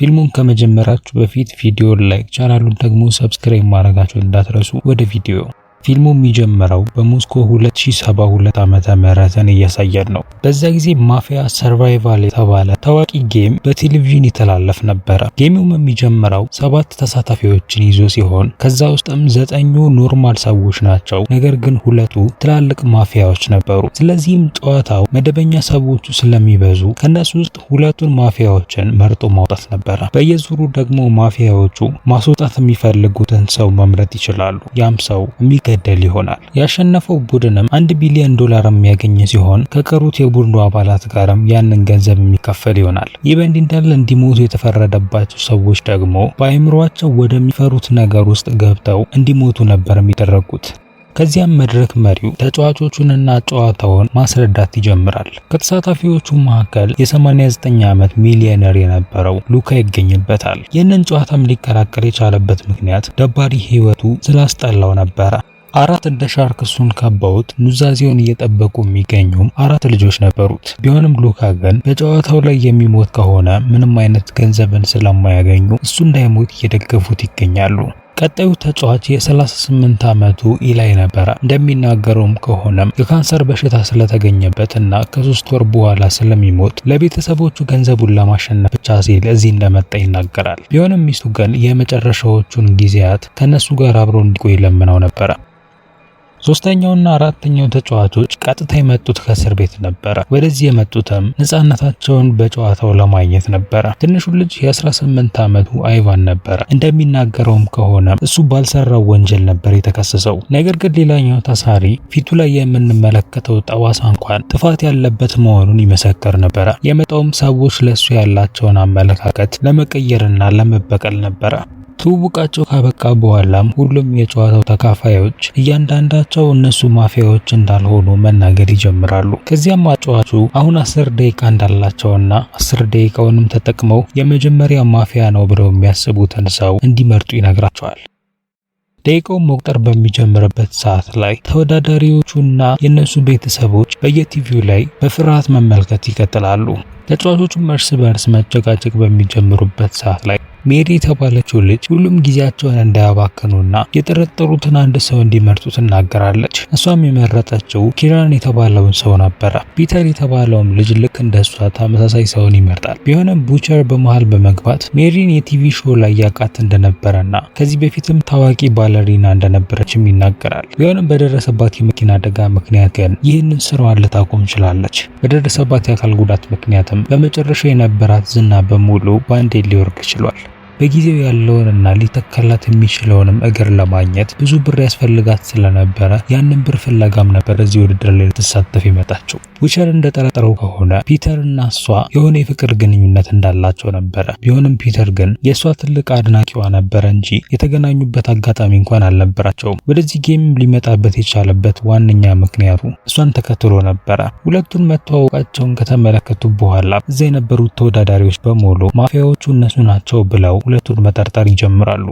ፊልሙን ከመጀመራችሁ በፊት ቪዲዮ ላይክ፣ ቻናሉን ደግሞ ሰብስክራይብ ማድረጋችሁን እንዳትረሱ። ወደ ቪዲዮ ፊልሙ የሚጀምረው በሞስኮ 2072 ዓመተ ምህረትን እያሳየን ነው። በዛ ጊዜ ማፊያ ሰርቫይቫል የተባለ ታዋቂ ጌም በቴሌቪዥን ይተላለፍ ነበረ። ጌሙም የሚጀምረው ሰባት ተሳታፊዎችን ይዞ ሲሆን ከዛ ውስጥም ዘጠኙ ኖርማል ሰዎች ናቸው። ነገር ግን ሁለቱ ትላልቅ ማፊያዎች ነበሩ። ስለዚህም ጨዋታው መደበኛ ሰዎቹ ስለሚበዙ ከነሱ ውስጥ ሁለቱን ማፊያዎችን መርጦ ማውጣት ነበረ። በየዙሩ ደግሞ ማፊያዎቹ ማስወጣት የሚፈልጉትን ሰው መምረጥ ይችላሉ። ያም ሰው የሚገ ይገደል ይሆናል። ያሸነፈው ቡድንም አንድ ቢሊዮን ዶላር የሚያገኝ ሲሆን ከቀሩት የቡድኑ አባላት ጋርም ያንን ገንዘብ የሚካፈል ይሆናል። ይህ በእንዲህ እንዳለ እንዲሞቱ የተፈረደባቸው ሰዎች ደግሞ በአይምሯቸው ወደሚፈሩት ነገር ውስጥ ገብተው እንዲሞቱ ነበር የሚደረጉት። ከዚያም መድረክ መሪው ተጫዋቾቹንና ጨዋታውን ማስረዳት ይጀምራል። ከተሳታፊዎቹ መካከል የ89 ዓመት ሚሊዮነር የነበረው ሉካ ይገኝበታል። ይህንን ጨዋታም ሊቀላቀል የቻለበት ምክንያት ደባሪ ህይወቱ ስላስጠላው ነበረ። አራት እንደ ሻርክ እሱን ካባውት ኑዛዜውን እየጠበቁ የሚገኙም አራት ልጆች ነበሩት። ቢሆንም ሉካ ግን በጨዋታው ላይ የሚሞት ከሆነ ምንም አይነት ገንዘብን ስለማያገኙ እሱ እንዳይሞት እየደገፉት ይገኛሉ። ቀጣዩ ተጫዋች የ38 ዓመቱ ኢላይ ነበረ። እንደሚናገረውም ከሆነም የካንሰር በሽታ ስለተገኘበት እና ከሶስት ወር በኋላ ስለሚሞት ለቤተሰቦቹ ገንዘቡን ለማሸነፍ ብቻ ሲል እዚህ እንደመጣ ይናገራል። ቢሆንም ሚስቱ ግን የመጨረሻዎቹን ጊዜያት ከነሱ ጋር አብሮ እንዲቆይ ለምነው ነበረ። ሶስተኛውና አራተኛው ተጫዋቾች ቀጥታ የመጡት ከእስር ቤት ነበረ። ወደዚህ የመጡትም ነፃነታቸውን በጨዋታው ለማግኘት ነበረ። ትንሹ ልጅ የ18 ዓመቱ አይቫን ነበረ። እንደሚናገረውም ከሆነ እሱ ባልሰራው ወንጀል ነበር የተከሰሰው። ነገር ግን ሌላኛው ታሳሪ ፊቱ ላይ የምንመለከተው ጠባሳ እንኳን ጥፋት ያለበት መሆኑን ይመሰክር ነበረ። የመጣውም ሰዎች ለእሱ ያላቸውን አመለካከት ለመቀየርና ለመበቀል ነበረ። ትውውቃቸው ካበቃ በኋላም ሁሉም የጨዋታው ተካፋዮች እያንዳንዳቸው እነሱ ማፊያዎች እንዳልሆኑ መናገር ይጀምራሉ። ከዚያም አጫዋቹ አሁን አስር ደቂቃ እንዳላቸውና አስር ደቂቃውንም ተጠቅመው የመጀመሪያ ማፊያ ነው ብለው የሚያስቡትን ሰው እንዲመርጡ ይነግራቸዋል። ደቂቃውን መቁጠር በሚጀምርበት ሰዓት ላይ ተወዳዳሪዎቹና የእነሱ ቤተሰቦች በየቲቪው ላይ በፍርሃት መመልከት ይቀጥላሉ። ተጫዋቾቹም እርስ በእርስ መጨቃጨቅ በሚጀምሩበት ሰዓት ላይ ሜሪ የተባለችው ልጅ ሁሉም ጊዜያቸውን እንዳያባክኑና የጠረጠሩትን አንድ ሰው እንዲመርጡ ትናገራለች። እሷም የመረጠችው ኪራን የተባለውን ሰው ነበረ። ፒተር የተባለውም ልጅ ልክ እንደ እሷ ተመሳሳይ ሰውን ይመርጣል። ቢሆንም ቡቸር በመሃል በመግባት ሜሪን የቲቪ ሾው ላይ ያውቃት እንደነበረና ከዚህ በፊትም ታዋቂ ባለሪና እንደነበረችም ይናገራል። ቢሆንም በደረሰባት የመኪና አደጋ ምክንያት ግን ይህንን ስራዋን ልታቆም ችላለች። በደረሰባት የአካል ጉዳት ምክንያት በመጨረሻ የነበራት ዝና በሙሉ ባንዴ ሊወርድ ችሏል። በጊዜው ያለውንና ሊተከላት የሚችለውንም እግር ለማግኘት ብዙ ብር ያስፈልጋት ስለነበረ ያንን ብር ፍለጋም ነበር እዚህ ውድድር ላይ ልትሳተፍ ይመጣቸው። ዊቸር እንደጠረጠረው ከሆነ ፒተር እና እሷ የሆነ የፍቅር ግንኙነት እንዳላቸው ነበረ። ቢሆንም ፒተር ግን የእሷ ትልቅ አድናቂዋ ነበረ እንጂ የተገናኙበት አጋጣሚ እንኳን አልነበራቸውም። ወደዚህ ጌም ሊመጣበት የቻለበት ዋነኛ ምክንያቱ እሷን ተከትሎ ነበረ። ሁለቱን መተዋወቃቸውን ከተመለከቱ በኋላ እዚያ የነበሩት ተወዳዳሪዎች በሙሉ ማፊያዎቹ እነሱ ናቸው ብለው ሁለቱን መጠርጠር ይጀምራሉ።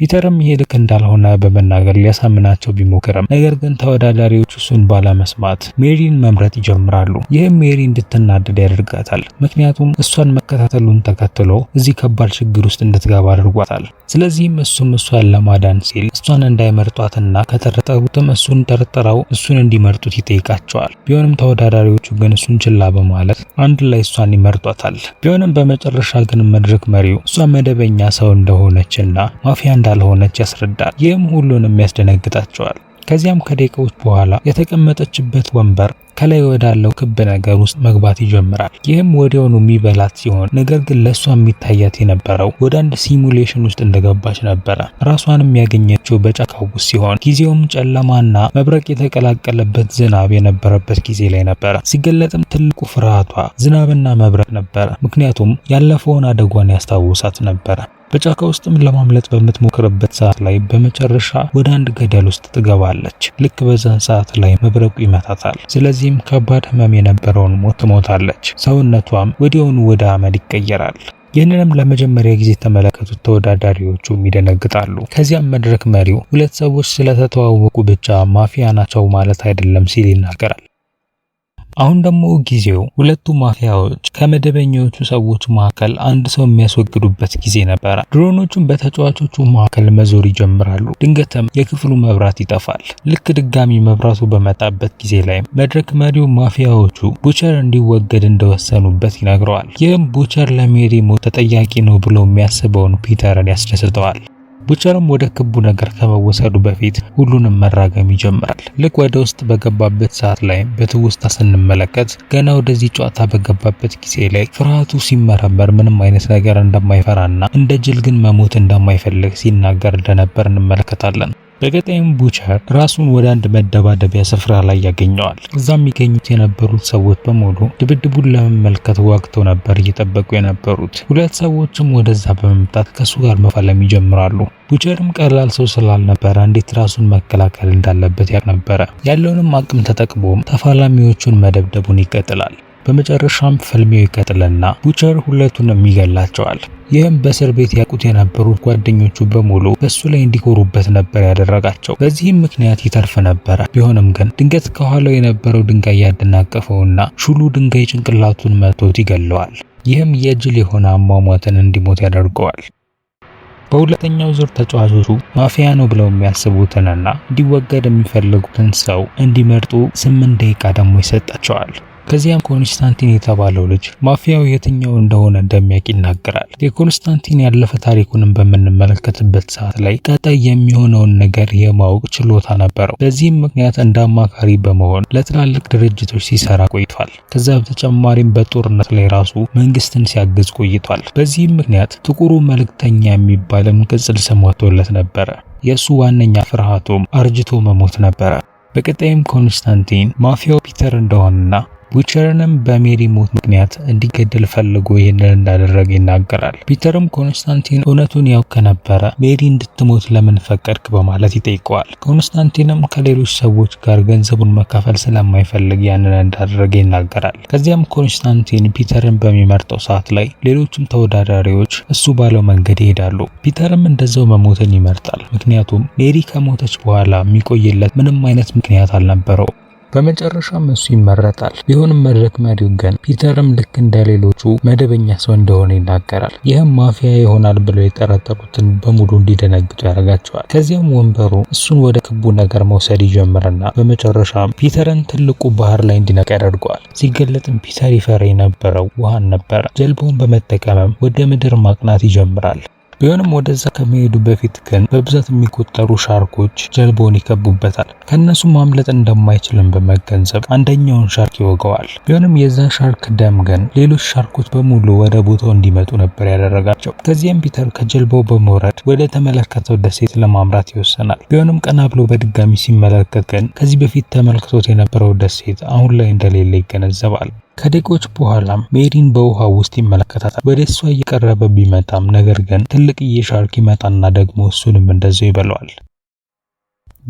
ፒተርም ይሄ ልክ እንዳልሆነ በመናገር ሊያሳምናቸው ቢሞክርም ነገር ግን ተወዳዳሪዎቹ እሱን ባለመስማት ሜሪን መምረጥ ይጀምራሉ። ይህም ሜሪ እንድትናደድ ያደርጋታል። ምክንያቱም እሷን መከታተሉን ተከትሎ እዚህ ከባድ ችግር ውስጥ እንድትገባ አድርጓታል። ስለዚህም እሱም እሷን ለማዳን ሲል እሷን እንዳይመርጧትና ከተረጠሩትም እሱን ጠርጥረው እሱን እንዲመርጡት ይጠይቃቸዋል። ቢሆንም ተወዳዳሪዎቹ ግን እሱን ችላ በማለት አንድ ላይ እሷን ይመርጧታል። ቢሆንም በመጨረሻ ግን መድረክ መሪው እሷ መደበኛ ሰው እንደሆነችና ማፊያ እንዳልሆነች ያስረዳል። ይህም ሁሉንም ያስደነግጣቸዋል። ከዚያም ከደቂቃዎች በኋላ የተቀመጠችበት ወንበር ከላይ ወዳለው ክብ ነገር ውስጥ መግባት ይጀምራል። ይህም ወዲያውኑ የሚበላት ሲሆን ነገር ግን ለእሷ የሚታያት የነበረው ወደ አንድ ሲሙሌሽን ውስጥ እንደገባች ነበረ። ራሷንም ያገኘችው በጫካው ውስጥ ሲሆን ጊዜውም ጨለማና መብረቅ የተቀላቀለበት ዝናብ የነበረበት ጊዜ ላይ ነበረ። ሲገለጥም ትልቁ ፍርሃቷ ዝናብና መብረቅ ነበረ። ምክንያቱም ያለፈውን አደጓን ያስታውሳት ነበረ። በጫካ ውስጥም ለማምለጥ በምትሞክርበት ሰዓት ላይ በመጨረሻ ወደ አንድ ገደል ውስጥ ትገባለች። ልክ በዛን ሰዓት ላይ መብረቁ ይመታታል። ስለዚህም ከባድ ህመም የነበረውን ሞት ትሞታለች። ሰውነቷም ወዲያውኑ ወደ አመድ ይቀየራል። ይህንንም ለመጀመሪያ ጊዜ የተመለከቱት ተወዳዳሪዎቹም ይደነግጣሉ። ከዚያም መድረክ መሪው ሁለት ሰዎች ስለተተዋወቁ ብቻ ማፊያ ናቸው ማለት አይደለም ሲል ይናገራል። አሁን ደግሞ ጊዜው ሁለቱ ማፊያዎች ከመደበኛዎቹ ሰዎች መካከል አንድ ሰው የሚያስወግዱበት ጊዜ ነበረ። ድሮኖቹም በተጫዋቾቹ መካከል መዞር ይጀምራሉ። ድንገትም የክፍሉ መብራት ይጠፋል። ልክ ድጋሚ መብራቱ በመጣበት ጊዜ ላይ መድረክ መሪው ማፊያዎቹ ቡቸር እንዲወገድ እንደወሰኑበት ይነግረዋል። ይህም ቡቸር ለሜሪ ሞት ተጠያቂ ነው ብሎ የሚያስበውን ፒተርን ያስደስተዋል። ቡቸርም ወደ ክቡ ነገር ከመወሰዱ በፊት ሁሉንም መራገም ይጀምራል። ልክ ወደ ውስጥ በገባበት ሰዓት ላይ በትውስታ ስንመለከት ገና ወደዚህ ጨዋታ በገባበት ጊዜ ላይ ፍርሃቱ ሲመረመር ምንም አይነት ነገር እንደማይፈራና እንደ ጅል ግን መሞት እንደማይፈልግ ሲናገር እንደነበር እንመለከታለን። በቀጣይም ቡቸር ራሱን ወደ አንድ መደባደቢያ ስፍራ ላይ ያገኘዋል። እዛ የሚገኙት የነበሩት ሰዎች በሙሉ ድብድቡን ለመመልከት ዋግተው ነበር እየጠበቁ የነበሩት። ሁለት ሰዎችም ወደዛ በመምጣት ከሱ ጋር መፋለም ይጀምራሉ። ቡቸርም ቀላል ሰው ስላልነበረ እንዴት ራሱን መከላከል እንዳለበት ያቅ ነበረ። ያለውንም አቅም ተጠቅሞም ተፋላሚዎቹን መደብደቡን ይቀጥላል። በመጨረሻም ፍልሚያው ይቀጥልና ቡቸር ሁለቱንም ይገላቸዋል። ይህም በእስር ቤት ያውቁት የነበሩት ጓደኞቹ በሙሉ በእሱ ላይ እንዲኮሩበት ነበር ያደረጋቸው። በዚህም ምክንያት ይተርፍ ነበረ። ቢሆንም ግን ድንገት ከኋላው የነበረው ድንጋይ ያደናቀፈውና ሹሉ ድንጋይ ጭንቅላቱን መቶት ይገለዋል። ይህም የጅል የሆነ አሟሟትን እንዲሞት ያደርገዋል። በሁለተኛው ዙር ተጫዋቾቹ ማፊያ ነው ብለው የሚያስቡትንና እንዲወገድ የሚፈልጉትን ሰው እንዲመርጡ ስምንት ደቂቃ ደግሞ ይሰጣቸዋል። ከዚያም ኮንስታንቲን የተባለው ልጅ ማፊያው የትኛው እንደሆነ እንደሚያውቅ ይናገራል። የኮንስታንቲን ያለፈ ታሪኩንም በምንመለከትበት ሰዓት ላይ ቀጣይ የሚሆነውን ነገር የማወቅ ችሎታ ነበረው። በዚህም ምክንያት እንደ አማካሪ በመሆን ለትላልቅ ድርጅቶች ሲሰራ ቆይቷል። ከዛ በተጨማሪም በጦርነት ላይ ራሱ መንግስትን ሲያግዝ ቆይቷል። በዚህም ምክንያት ጥቁሩ መልእክተኛ የሚባልም ቅጽል ስም ወጥቶለት ነበረ። የእሱ ዋነኛ ፍርሃቱም አርጅቶ መሞት ነበረ። በቀጣይም ኮንስታንቲን ማፊያው ፒተር እንደሆነና ዊቸርንም በሜሪ ሞት ምክንያት እንዲገደል ፈልጎ ይህንን እንዳደረገ ይናገራል። ፒተርም ኮንስታንቲን እውነቱን ያውቅ ከነበረ ሜሪ እንድትሞት ለምን ፈቀድክ በማለት ይጠይቀዋል። ኮንስታንቲንም ከሌሎች ሰዎች ጋር ገንዘቡን መካፈል ስለማይፈልግ ያንን እንዳደረገ ይናገራል። ከዚያም ኮንስታንቲን ፒተርን በሚመርጠው ሰዓት ላይ ሌሎችም ተወዳዳሪዎች እሱ ባለው መንገድ ይሄዳሉ። ፒተርም እንደዛው መሞትን ይመርጣል። ምክንያቱም ሜሪ ከሞተች በኋላ የሚቆይለት ምንም አይነት ምክንያት አልነበረው። በመጨረሻም እሱ ይመረጣል። ቢሆንም መድረክ መሪው ግን ፒተርም ልክ እንደሌሎቹ መደበኛ ሰው እንደሆነ ይናገራል። ይህም ማፊያ ይሆናል ብለው የጠረጠሩትን በሙሉ እንዲደነግጡ ያደርጋቸዋል። ከዚያም ወንበሩ እሱን ወደ ክቡ ነገር መውሰድ ይጀምርና በመጨረሻም ፒተርን ትልቁ ባህር ላይ እንዲነቃ ያደርገዋል። ሲገለጥም ፒተር ይፈራ የነበረው ውሃን ነበረ። ጀልባውን በመጠቀምም ወደ ምድር ማቅናት ይጀምራል። ቢሆንም ወደዛ ከመሄዱ በፊት ግን በብዛት የሚቆጠሩ ሻርኮች ጀልባውን ይከቡበታል። ከእነሱ ማምለጥ እንደማይችልም በመገንዘብ አንደኛውን ሻርክ ይወገዋል። ቢሆንም የዛ ሻርክ ደም ግን ሌሎች ሻርኮች በሙሉ ወደ ቦታው እንዲመጡ ነበር ያደረጋቸው። ከዚያም ፒተር ከጀልባው በመውረድ ወደ ተመለከተው ደሴት ለማምራት ይወሰናል። ቢሆንም ቀና ብሎ በድጋሚ ሲመለከት ግን ከዚህ በፊት ተመልክቶት የነበረው ደሴት አሁን ላይ እንደሌለ ይገነዘባል። ከደቂቆች በኋላም ሜሪን በውሃ ውስጥ ይመለከታታል። ወደ እሷ እየቀረበ ቢመጣም ነገር ግን ትልቅዬ ሻርክ ይመጣና ደግሞ እሱንም እንደዛው ይበለዋል።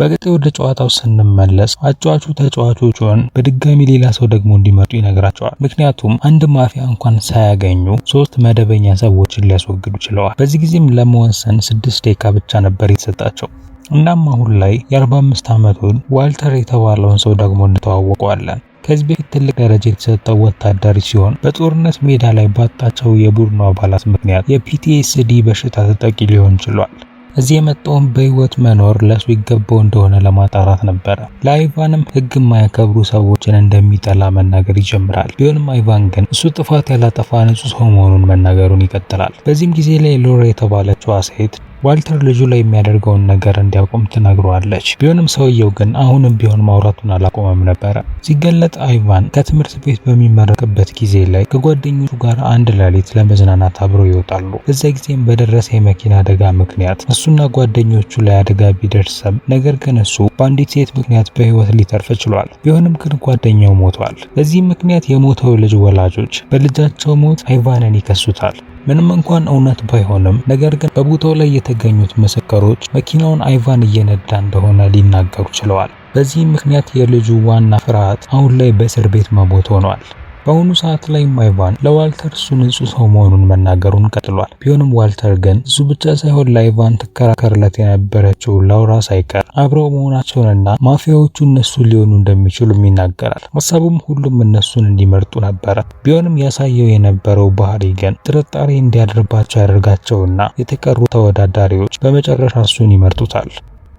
በቀጣይ ወደ ጨዋታው ስንመለስ አጫዋቹ ተጫዋቾቹን በድጋሚ ሌላ ሰው ደግሞ እንዲመጡ ይነግራቸዋል። ምክንያቱም አንድ ማፊያ እንኳን ሳያገኙ ሶስት መደበኛ ሰዎችን ሊያስወግዱ ችለዋል። በዚህ ጊዜም ለመወሰን ስድስት ደቂቃ ብቻ ነበር የተሰጣቸው። እናም አሁን ላይ የ45 ዓመቱን ዋልተር የተባለውን ሰው ደግሞ እንተዋወቀዋለን። ከዚህ በፊት ትልቅ ደረጃ የተሰጠው ወታደር ሲሆን በጦርነት ሜዳ ላይ ባጣቸው የቡድኑ አባላት ምክንያት የፒቲኤስዲ በሽታ ተጠቂ ሊሆን ችሏል። እዚህ የመጣውን በህይወት መኖር ለሱ ይገባው እንደሆነ ለማጣራት ነበረ። ለአይቫንም ህግ የማያከብሩ ሰዎችን እንደሚጠላ መናገር ይጀምራል። ቢሆንም አይቫን ግን እሱ ጥፋት ያላጠፋ ንጹህ ሰው መሆኑን መናገሩን ይቀጥላል። በዚህም ጊዜ ላይ ሎራ የተባለችው ሴት ዋልተር ልጁ ላይ የሚያደርገውን ነገር እንዲያቆም ትነግሯለች ቢሆንም ሰውየው ግን አሁንም ቢሆን ማውራቱን አላቆመም ነበረ። ሲገለጥ አይቫን ከትምህርት ቤት በሚመረቅበት ጊዜ ላይ ከጓደኞቹ ጋር አንድ ሌሊት ለመዝናናት አብረው ይወጣሉ። በዚያ ጊዜም በደረሰ የመኪና አደጋ ምክንያት እሱና ጓደኞቹ ላይ አደጋ ቢደርስም፣ ነገር ግን እሱ በአንዲት ሴት ምክንያት በህይወት ሊተርፍ ችሏል። ቢሆንም ግን ጓደኛው ሞቷል። በዚህም ምክንያት የሞተው ልጅ ወላጆች በልጃቸው ሞት አይቫንን ይከሱታል። ምንም እንኳን እውነት ባይሆንም ነገር ግን በቦታው ላይ የተገኙት ምስክሮች መኪናውን አይቫን እየነዳ እንደሆነ ሊናገሩ ችለዋል። በዚህ ምክንያት የልጁ ዋና ፍርሃት አሁን ላይ በእስር ቤት መሞት ሆኗል። በአሁኑ ሰዓት ላይ ማይቫን ለዋልተር እሱ ንጹህ ሰው መሆኑን መናገሩን ቀጥሏል። ቢሆንም ዋልተር ግን እሱ ብቻ ሳይሆን ላይቫን ትከራከርለት የነበረችው ላውራ ሳይቀር አብረው መሆናቸውንና ማፊያዎቹ እነሱ ሊሆኑ እንደሚችሉም ይናገራል። ሀሳቡም ሁሉም እነሱን እንዲመርጡ ነበረ። ቢሆንም ያሳየው የነበረው ባህሪ ግን ጥርጣሬ እንዲያድርባቸው ያደርጋቸውና የተቀሩ ተወዳዳሪዎች በመጨረሻ እሱን ይመርጡታል።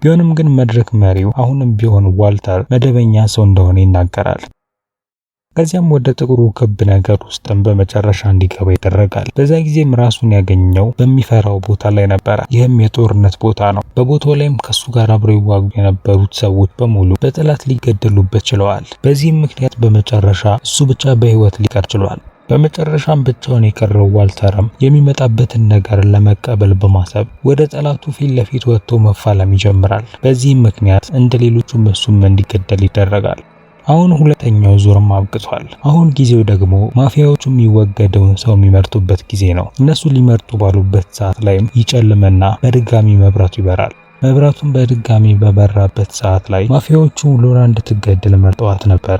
ቢሆንም ግን መድረክ መሪው አሁንም ቢሆን ዋልተር መደበኛ ሰው እንደሆነ ይናገራል። ከዚያም ወደ ጥቁሩ ክብ ነገር ውስጥም በመጨረሻ እንዲገባ ይደረጋል። በዛ ጊዜም ራሱን ያገኘው በሚፈራው ቦታ ላይ ነበረ። ይህም የጦርነት ቦታ ነው። በቦታው ላይም ከሱ ጋር አብረው ይዋጉ የነበሩት ሰዎች በሙሉ በጠላት ሊገደሉበት ችለዋል። በዚህም ምክንያት በመጨረሻ እሱ ብቻ በህይወት ሊቀር ችሏል። በመጨረሻም ብቻውን የቀረው ዋልተርም የሚመጣበትን ነገር ለመቀበል በማሰብ ወደ ጠላቱ ፊት ለፊት ወጥቶ መፋለም ይጀምራል። በዚህም ምክንያት እንደ ሌሎቹ እሱም እንዲገደል ይደረጋል። አሁን ሁለተኛው ዙርም አብቅቷል። አሁን ጊዜው ደግሞ ማፊያዎቹ የሚወገደውን ሰው የሚመርጡበት ጊዜ ነው። እነሱ ሊመርጡ ባሉበት ሰዓት ላይም ይጨልምና በድጋሚ መብራቱ ይበራል። መብራቱን በድጋሚ በበራበት ሰዓት ላይ ማፊያዎቹ ሎራ እንድትገደል መርጠዋት ነበረ።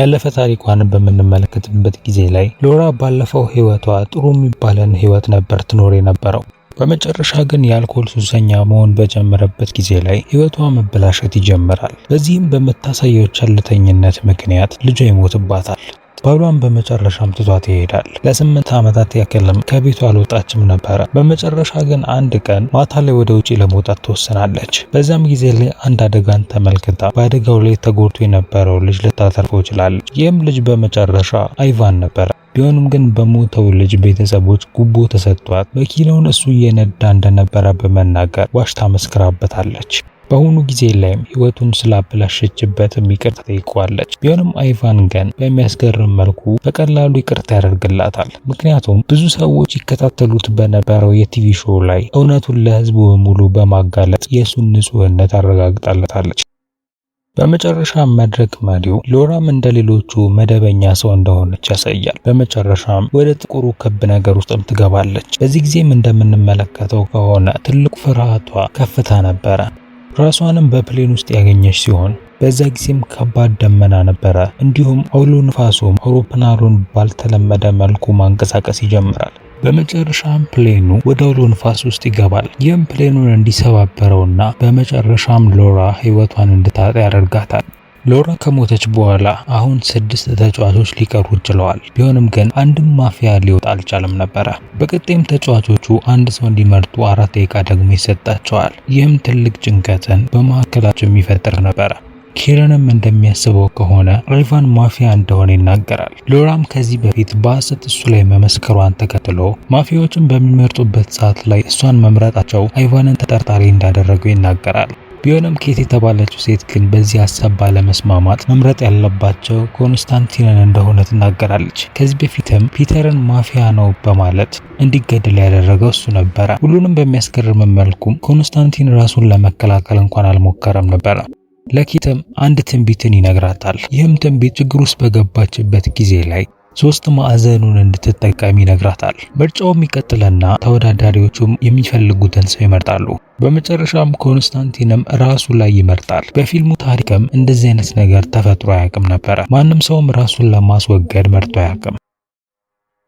ያለፈ ታሪኳን በምንመለከትበት ጊዜ ላይ ሎራ ባለፈው ህይወቷ ጥሩ የሚባለን ህይወት ነበር ትኖር የነበረው። በመጨረሻ ግን የአልኮል ሱሰኛ መሆን በጀመረበት ጊዜ ላይ ህይወቷ መበላሸት ይጀምራል። በዚህም በምታሳየው ቸልተኝነት ምክንያት ልጇ ይሞትባታል። ባሏን በመጨረሻም ትቷት ይሄዳል። ለስምንት ዓመታት ያክልም ከቤቷ አልወጣችም ነበረ። በመጨረሻ ግን አንድ ቀን ማታ ላይ ወደ ውጪ ለመውጣት ትወስናለች። በዚያም ጊዜ ላይ አንድ አደጋን ተመልክታ በአደጋው ላይ ተጎድቶ የነበረው ልጅ ልታተርፈው ችላለች። ይህም ልጅ በመጨረሻ አይቫን ነበረ። ቢሆንም ግን በሞተው ልጅ ቤተሰቦች ጉቦ ተሰጥቷት መኪናውን እሱ እየነዳ እንደነበረ በመናገር ዋሽታ መስክራበታለች። በአሁኑ ጊዜ ላይም ህይወቱን ስላበላሸችበት ይቅርታ ጠይቋለች። ቢሆንም አይቫን ግን በሚያስገርም መልኩ በቀላሉ ይቅርታ ያደርግላታል። ምክንያቱም ብዙ ሰዎች ይከታተሉት በነበረው የቲቪ ሾው ላይ እውነቱን ለህዝቡ በሙሉ በማጋለጥ የእሱን ንጹህነት አረጋግጣለታለች። በመጨረሻ መድረክ መሪው ሎራም እንደሌሎቹ መደበኛ ሰው እንደሆነች ያሳያል። በመጨረሻም ወደ ጥቁሩ ክብ ነገር ውስጥም ትገባለች። በዚህ ጊዜም እንደምንመለከተው ከሆነ ትልቁ ፍርሃቷ ከፍታ ነበረ። ራሷንም በፕሌን ውስጥ ያገኘች ሲሆን በዛ ጊዜም ከባድ ደመና ነበረ። እንዲሁም አውሎ ንፋሱም አውሮፕላኑን ባልተለመደ መልኩ ማንቀሳቀስ ይጀምራል። በመጨረሻም ፕሌኑ ወደ አውሎ ንፋስ ውስጥ ይገባል። ይህም ፕሌኑን እንዲሰባበረውና በመጨረሻም ሎራ ህይወቷን እንድታጣ ያደርጋታል። ሎራ ከሞተች በኋላ አሁን ስድስት ተጫዋቾች ሊቀሩ ችለዋል። ቢሆንም ግን አንድም ማፊያ ሊወጣ አልቻለም ነበረ። በቀጤም ተጫዋቾቹ አንድ ሰው እንዲመርጡ አራት ደቂቃ ደግሞ ይሰጣቸዋል። ይህም ትልቅ ጭንቀትን በመካከላቸው የሚፈጥር ነበረ። ኪረንም እንደሚያስበው ከሆነ ሪቫን ማፊያ እንደሆነ ይናገራል። ሎራም ከዚህ በፊት በሐሰት እሱ ላይ መመስከሯን ተከትሎ ማፊያዎችን በሚመርጡበት ሰዓት ላይ እሷን መምረጣቸው አይቫንን ተጠርጣሪ እንዳደረገው ይናገራል። ቢሆንም ኬት የተባለችው ሴት ግን በዚህ ሀሳብ ባለመስማማት መምረጥ ያለባቸው ኮንስታንቲንን እንደሆነ ትናገራለች። ከዚህ በፊትም ፒተርን ማፊያ ነው በማለት እንዲገደል ያደረገው እሱ ነበረ። ሁሉንም በሚያስገርም መልኩም ኮንስታንቲን ራሱን ለመከላከል እንኳን አልሞከረም ነበረ። ለኬትም አንድ ትንቢትን ይነግራታል። ይህም ትንቢት ችግር ውስጥ በገባችበት ጊዜ ላይ ሶስት ማዕዘኑን እንድትጠቀም ይነግራታል። ምርጫውም ይቀጥልና ተወዳዳሪዎቹም የሚፈልጉትን ሰው ይመርጣሉ። በመጨረሻም ኮንስታንቲንም ራሱ ላይ ይመርጣል። በፊልሙ ታሪክም እንደዚህ አይነት ነገር ተፈጥሮ አያውቅም ነበረ። ማንም ሰውም ራሱን ለማስወገድ መርጦ አያውቅም።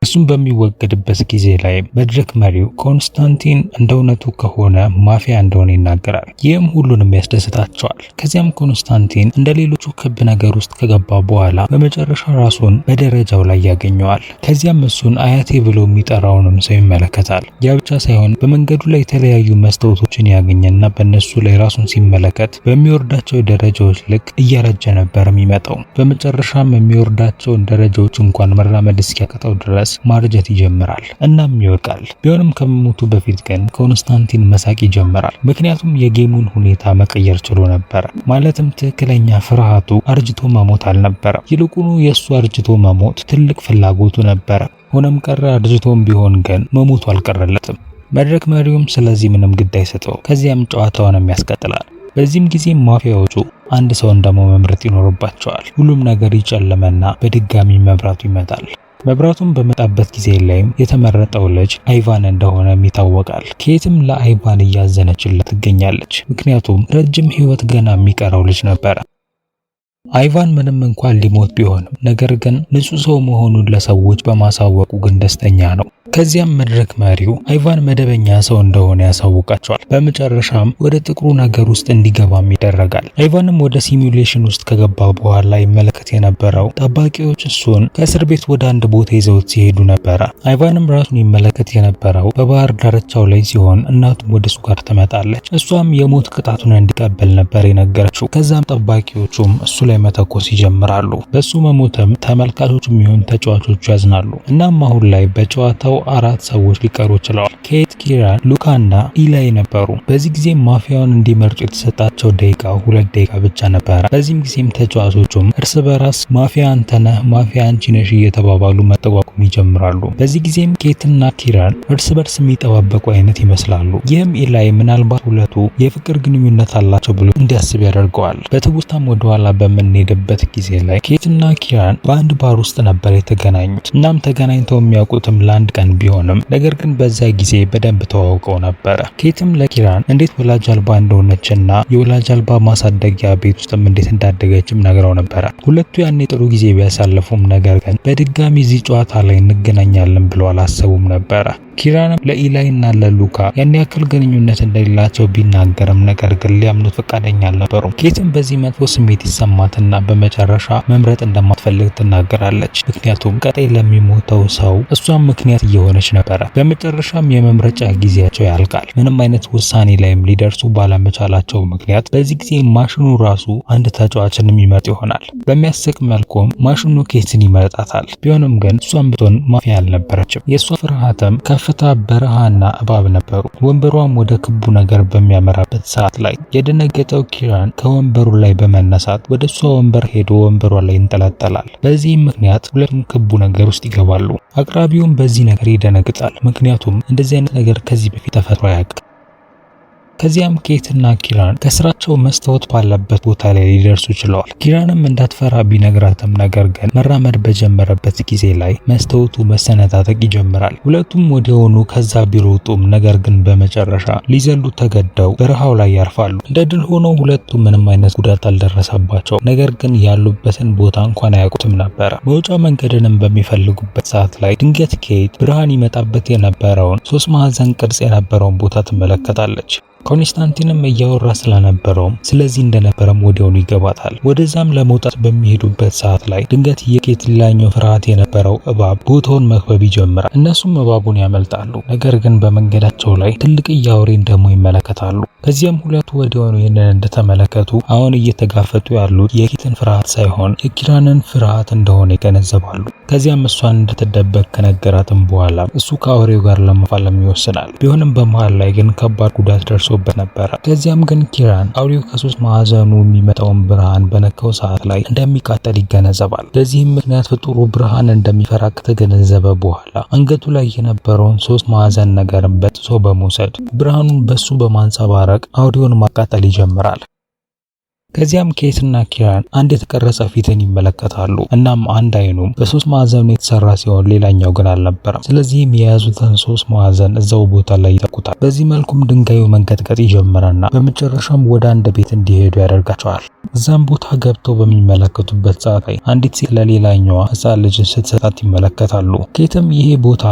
እሱም በሚወገድበት ጊዜ ላይ መድረክ መሪው ኮንስታንቲን እንደ እውነቱ ከሆነ ማፊያ እንደሆነ ይናገራል። ይህም ሁሉንም ያስደስታቸዋል። ከዚያም ኮንስታንቲን እንደ ሌሎቹ ክብ ነገር ውስጥ ከገባ በኋላ በመጨረሻ ራሱን በደረጃው ላይ ያገኘዋል። ከዚያም እሱን አያቴ ብሎ የሚጠራውንም ሰው ይመለከታል። ያ ብቻ ሳይሆን በመንገዱ ላይ የተለያዩ መስታወቶችን ያገኘና በእነሱ ላይ ራሱን ሲመለከት በሚወርዳቸው ደረጃዎች ልክ እያረጀ ነበር የሚመጣው። በመጨረሻም የሚወርዳቸውን ደረጃዎች እንኳን መራመድ እስኪያቀጠው ድረስ ድረስ ማርጀት ይጀምራል እናም ይወድቃል። ቢሆንም ከመሞቱ በፊት ግን ኮንስታንቲን መሳቅ ይጀምራል። ምክንያቱም የጌሙን ሁኔታ መቀየር ችሎ ነበር ማለትም ትክክለኛ ፍርሃቱ አርጅቶ መሞት አልነበረም። ይልቁኑ የእሱ አርጅቶ መሞት ትልቅ ፍላጎቱ ነበረ። ሆነም ቀረ አርጅቶም ቢሆን ግን መሞቱ አልቀረለትም። መድረክ መሪውም ስለዚህ ምንም ግድ አይሰጠው። ከዚያም ጨዋታውንም ያስቀጥላል። በዚህም ጊዜ ማፊያዎቹ አንድ ሰውን ደግሞ መምረጥ ይኖርባቸዋል። ሁሉም ነገር ይጨለመና በድጋሚ መብራቱ ይመጣል። መብራቱን በመጣበት ጊዜ ላይም የተመረጠው ልጅ አይቫን እንደሆነም ይታወቃል። ኬትም ለአይቫን እያዘነችለት ትገኛለች። ምክንያቱም ረጅም ህይወት ገና የሚቀረው ልጅ ነበረ። አይቫን ምንም እንኳን ሊሞት ቢሆንም ነገር ግን ንጹህ ሰው መሆኑን ለሰዎች በማሳወቁ ግን ደስተኛ ነው። ከዚያም መድረክ መሪው አይቫን መደበኛ ሰው እንደሆነ ያሳውቃቸዋል። በመጨረሻም ወደ ጥቁሩ ነገር ውስጥ እንዲገባም ይደረጋል። አይቫንም ወደ ሲሚሌሽን ውስጥ ከገባ በኋላ ይመለከት የነበረው ጠባቂዎች እሱን ከእስር ቤት ወደ አንድ ቦታ ይዘውት ሲሄዱ ነበረ። አይቫንም ራሱን ይመለከት የነበረው በባህር ዳርቻው ላይ ሲሆን እናቱም ወደ እሱ ጋር ትመጣለች። እሷም የሞት ቅጣቱን እንዲቀበል ነበር የነገረችው። ከዛም ጠባቂዎቹም እሱ ላይ መተኮስ ይጀምራሉ። በሱ መሞተም ተመልካቾች የሚሆን ተጫዋቾቹ ያዝናሉ። እናም አሁን ላይ በጨዋታው አራት ሰዎች ሊቀሩ ችለዋል። ኬት፣ ኪራን፣ ሉካና ኢላይ ነበሩ። በዚህ ጊዜ ማፊያውን እንዲመርጡ የተሰጣቸው ደቂቃ ሁለት ደቂቃ ብቻ ነበረ። በዚህም ጊዜም ተጫዋቾቹም እርስ በራስ ማፊያ አንተነህ ማፊያ አንቺነሽ እየተባባሉ መጠቋቁም ይጀምራሉ። በዚህ ጊዜም ኬትና ኪራን እርስ በርስ የሚጠባበቁ አይነት ይመስላሉ። ይህም ኢላይ ምናልባት ሁለቱ የፍቅር ግንኙነት አላቸው ብሎ እንዲያስብ ያደርገዋል። በትውስታም ወደኋላ በምን በምንሄድበት ጊዜ ላይ ኬት እና ኪራን በአንድ ባር ውስጥ ነበር የተገናኙት። እናም ተገናኝተው የሚያውቁትም ለአንድ ቀን ቢሆንም ነገር ግን በዛ ጊዜ በደንብ ተዋውቀው ነበረ። ኬትም ለኪራን እንዴት ወላጅ አልባ እንደሆነች እና የወላጅ አልባ ማሳደጊያ ቤት ውስጥም እንዴት እንዳደገችም ነግረው ነበረ። ሁለቱ ያኔ ጥሩ ጊዜ ቢያሳልፉም ነገር ግን በድጋሚ እዚህ ጨዋታ ላይ እንገናኛለን ብሎ አላሰቡም ነበረ። ኪራንም ለኢላይ እና ለሉካ ያን ያክል ግንኙነት እንደሌላቸው ቢናገርም ነገር ግን ሊያምኑት ፈቃደኛ አልነበሩም። ኬትም በዚህ መጥፎ ስሜት ይሰማትና በመጨረሻ መምረጥ እንደማትፈልግ ትናገራለች። ምክንያቱም ቀጣይ ለሚሞተው ሰው እሷም ምክንያት እየሆነች ነበረ። በመጨረሻም የመምረጫ ጊዜያቸው ያልቃል። ምንም አይነት ውሳኔ ላይም ሊደርሱ ባለመቻላቸው ምክንያት በዚህ ጊዜ ማሽኑ ራሱ አንድ ተጫዋችን ይመርጥ ይሆናል። በሚያስቅ መልኩም ማሽኑ ኬትን ይመርጣታል። ቢሆንም ግን እሷም ብትሆን ማፊያ አልነበረችም። የእሷ ፍርሃትም ከፍ ከፍታ በረሃና እባብ ነበሩ። ወንበሯም ወደ ክቡ ነገር በሚያመራበት ሰዓት ላይ የደነገጠው ኪራን ከወንበሩ ላይ በመነሳት ወደ እሷ ወንበር ሄዶ ወንበሯ ላይ ይንጠላጠላል። በዚህም ምክንያት ሁለቱም ክቡ ነገር ውስጥ ይገባሉ። አቅራቢውም በዚህ ነገር ይደነግጣል። ምክንያቱም እንደዚህ አይነት ነገር ከዚህ በፊት ተፈጥሮ አያውቅም። ከዚያም ኬትና ኪራን ከስራቸው መስታወት ባለበት ቦታ ላይ ሊደርሱ ችለዋል። ኪራንም እንዳትፈራ ቢነግራትም ነገር ግን መራመድ በጀመረበት ጊዜ ላይ መስታወቱ መሰነጣጠቅ ይጀምራል። ሁለቱም ወዲያውኑ ከዛ ቢሮጡም ነገር ግን በመጨረሻ ሊዘሉ ተገደው በረሃው ላይ ያርፋሉ። እንደ ድል ሆኖ ሁለቱ ምንም አይነት ጉዳት አልደረሰባቸው። ነገር ግን ያሉበትን ቦታ እንኳን አያውቁትም ነበረ። መውጫ መንገድንም በሚፈልጉበት ሰዓት ላይ ድንገት ኬት ብርሃን ይመጣበት የነበረውን ሶስት ማዕዘን ቅርጽ የነበረውን ቦታ ትመለከታለች። ኮንስታንቲንም እያወራ ስለነበረውም ስለዚህ እንደነበረም ወዲያውኑ ይገባታል። ወደዛም ለመውጣት በሚሄዱበት ሰዓት ላይ ድንገት የቄት ሌላኛው ፍርሃት የነበረው እባብ ቦታውን መክበብ ይጀምራል። እነሱም እባቡን ያመልጣሉ። ነገር ግን በመንገዳቸው ላይ ትልቅ አውሬን ደግሞ ይመለከታሉ። ከዚያም ሁለቱ ወዲያውኑ ይህንን እንደተመለከቱ አሁን እየተጋፈጡ ያሉት የኬትን ፍርሃት ሳይሆን የኪራንን ፍርሃት እንደሆነ ይገነዘባሉ። ከዚያም እሷን እንደተደበቅ ከነገራትም በኋላ እሱ ከአውሬው ጋር ለመፋለም ይወስናል። ቢሆንም በመሃል ላይ ግን ከባድ ጉዳት ደርሶ ደርሶበት ነበረ። ከዚያም ግን ኪራን አውሬው ከሶስት ማዕዘኑ የሚመጣውን ብርሃን በነካው ሰዓት ላይ እንደሚቃጠል ይገነዘባል። በዚህም ምክንያት ፍጡሩ ብርሃን እንደሚፈራ ከተገነዘበ በኋላ አንገቱ ላይ የነበረውን ሶስት ማዕዘን ነገርን በጥሶ በመውሰድ ብርሃኑን በሱ በማንጸባረቅ አውሬውን ማቃጠል ይጀምራል። ከዚያም ኬትና ኪራን አንድ የተቀረጸ ፊትን ይመለከታሉ። እናም አንድ አይኑም በሶስት ማዕዘኑ የተሰራ ሲሆን ሌላኛው ግን አልነበረም። ስለዚህም የያዙትን ሶስት ማዕዘን እዛው ቦታ ላይ ይጠቁታል። በዚህ መልኩም ድንጋዩ መንቀጥቀጥ ይጀምረና በመጨረሻም ወደ አንድ ቤት እንዲሄዱ ያደርጋቸዋል። እዛም ቦታ ገብተው በሚመለከቱበት ሰዓት ላይ አንዲት ሴት ለሌላኛዋ ሕፃን ልጅ ስትሰጣት ይመለከታሉ። ኬትም ይሄ ቦታ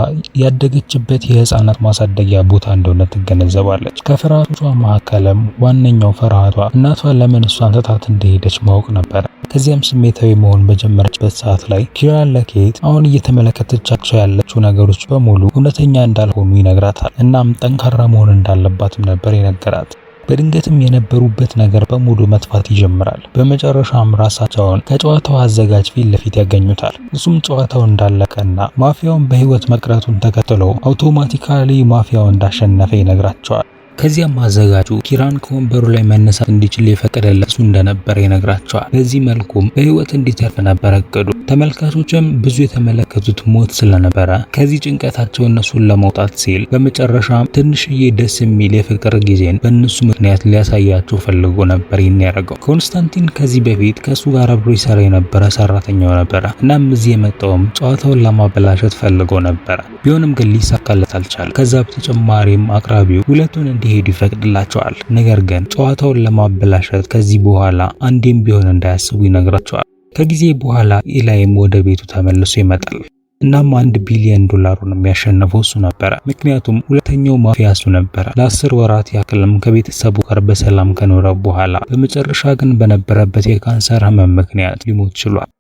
ያደገችበት የህፃናት ማሳደጊያ ቦታ እንደሆነ ትገነዘባለች። ከፍርሃቶቿ መካከልም ዋነኛው ፍርሃቷ እናቷ ለምን እሷ ራሷን ትታት እንደሄደች ማወቅ ነበረ። ከዚያም ስሜታዊ መሆን በጀመረችበት ሰዓት ላይ ኪራን ለኬት አሁን እየተመለከተቻቸው ያለችው ነገሮች በሙሉ እውነተኛ እንዳልሆኑ ይነግራታል። እናም ጠንካራ መሆን እንዳለባትም ነበር የነገራት። በድንገትም የነበሩበት ነገር በሙሉ መጥፋት ይጀምራል። በመጨረሻም ራሳቸውን ከጨዋታው አዘጋጅ ፊት ለፊት ያገኙታል። እሱም ጨዋታው እንዳለቀና ማፊያውን በህይወት መቅረቱን ተከትሎ አውቶማቲካሊ ማፊያው እንዳሸነፈ ይነግራቸዋል። ከዚያም አዘጋጁ ኪራን ከወንበሩ ላይ መነሳት እንዲችል የፈቀደለት እሱ እንደነበረ ይነግራቸዋል። በዚህ መልኩም በህይወት እንዲተርፍ ነበር እቅዱ። ተመልካቾችም ብዙ የተመለከቱት ሞት ስለነበረ ከዚህ ጭንቀታቸው እነሱን ለማውጣት ሲል በመጨረሻም ትንሽዬ ደስ የሚል የፍቅር ጊዜን በእነሱ ምክንያት ሊያሳያቸው ፈልጎ ነበር። ይህን ያደረገው ኮንስታንቲን ከዚህ በፊት ከእሱ ጋር አብሮ ይሰራ የነበረ ሰራተኛው ነበረ። እናም እዚህ የመጣውም ጨዋታውን ለማበላሸት ፈልጎ ነበረ። ቢሆንም ግን ሊሳካለት አልቻለም። ከዛ በተጨማሪም አቅራቢው ሁለቱን እንዲ እንዲሄዱ ይፈቅድላቸዋል። ነገር ግን ጨዋታውን ለማበላሸት ከዚህ በኋላ አንዴም ቢሆን እንዳያስቡ ይነግራቸዋል። ከጊዜ በኋላ ኢላይም ወደ ቤቱ ተመልሶ ይመጣል። እናም አንድ ቢሊዮን ዶላሩን የሚያሸነፈው እሱ ነበረ። ምክንያቱም ሁለተኛው ማፊያ እሱ ነበረ። ለአስር ወራት ያክልም ከቤተሰቡ ጋር በሰላም ከኖረ በኋላ በመጨረሻ ግን በነበረበት የካንሰር ህመም ምክንያት ሊሞት ችሏል።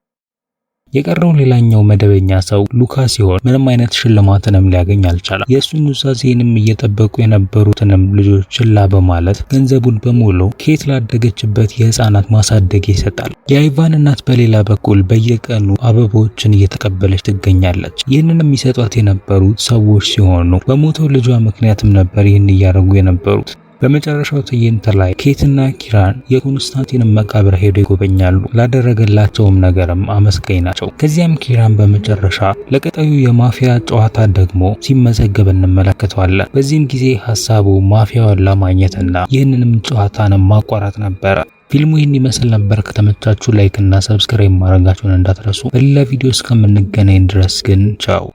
የቀረው ሌላኛው መደበኛ ሰው ሉካ ሲሆን ምንም አይነት ሽልማትንም ሊያገኝ አልቻለም። የእሱን ኑዛዜንም እየጠበቁ የነበሩትንም ልጆች ችላ በማለት ገንዘቡን በሙሉ ኬት ላደገችበት የህፃናት ማሳደግ ይሰጣል። የአይቫን እናት በሌላ በኩል በየቀኑ አበቦችን እየተቀበለች ትገኛለች። ይህንን የሚሰጧት የነበሩት ሰዎች ሲሆኑ በሞተው ልጇ ምክንያትም ነበር ይህን እያደረጉ የነበሩት። በመጨረሻው ትዕይንት ላይ ኬትና ኪራን የኮንስታንቲንን መቃብር ሄደው ይጎበኛሉ። ላደረገላቸውም ነገርም አመስጋኝ ናቸው። ከዚያም ኪራን በመጨረሻ ለቀጣዩ የማፊያ ጨዋታ ደግሞ ሲመዘገብ እንመለከተዋለን። በዚህም ጊዜ ሀሳቡ ማፊያውን ለማግኘትና ይህንንም ጨዋታን ማቋረጥ ነበረ። ፊልሙ ይህን ይመስል ነበር። ከተመቻችሁ ላይክ እና ሰብስክራይብ ማድረጋችሁን እንዳትረሱ። በሌላ ቪዲዮ እስከምንገናኝ ድረስ ግን ቻው።